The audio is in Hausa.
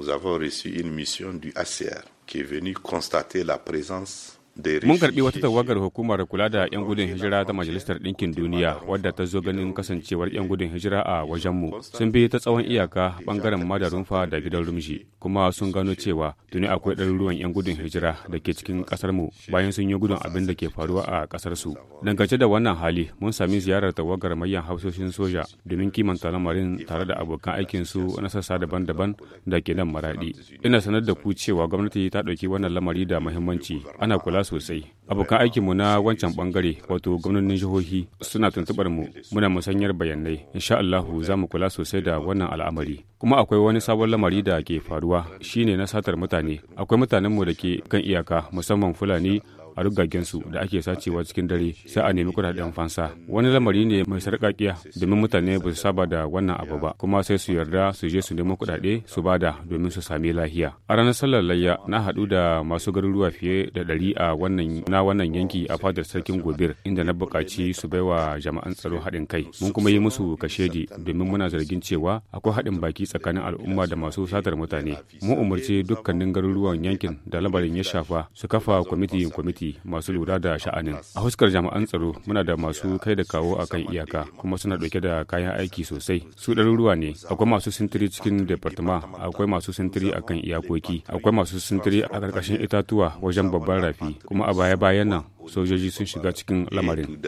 nous avons reçu une mission du ACR qui est venue constater la présence Mun karɓi wata tawagar hukumar kula da 'yan gudun hijira ta Majalisar Ɗinkin Duniya wadda ta zo ganin kasancewar 'yan gudun hijira a wajenmu. Sun bi ta tsawon iyaka bangaren Madarunfa da gidan Rumshi kuma sun gano cewa tuni akwai ɗaruruwan 'yan gudun hijira da ke cikin mu bayan sun yi gudun abin da ke faruwa a ƙasarsu. Dangance da wannan hali mun sami ziyarar tawagar mayan hausoshin soja domin kimanta lamarin tare da abokan aikinsu na sassa daban-daban da ke nan maraɗi. Ina sanar da ku cewa gwamnati ta ɗauki wannan lamari da muhimmanci. Ana kula kula sosai abokan aikinmu na wancan bangare wato gwamnonin jihohi suna tuntubar mu muna musanyar bayanai insha Allah za mu kula sosai da wannan al'amari kuma akwai wani sabon lamari da ke faruwa shine na satar mutane akwai mutanenmu da ke kan iyaka musamman fulani a su da ake sacewa cikin dare sai a nemi kudaden fansa wani lamari ne mai sarƙaƙiya domin mutane ba su saba da wannan abu ba kuma sai su yarda su je su nemo kudade su bada domin su sami lahiya a ranar sallar layya na haɗu da masu garuruwa fiye da ɗari a wannan na wannan yanki a fadar sarkin gobir inda na buƙaci su bai wa jama'an tsaro haɗin kai mun kuma yi musu kashedi domin muna zargin cewa akwai haɗin baki tsakanin al'umma da masu satar mutane mu umarci dukkanin garuruwan yankin da lamarin ya shafa su kafa kwamiti kwamiti masu lura da sha'anin a huskar jami'an tsaro muna da masu kai da kawo a kan iyaka kuma suna ɗauke da kayan aiki sosai su ɗaruruwa ne akwai masu sintiri cikin departama akwai masu sintiri a kan iyakoki akwai masu sintiri a ƙarƙashin itatuwa wajen babban rafi kuma a baya-bayan nan sojoji sun shiga cikin lamarin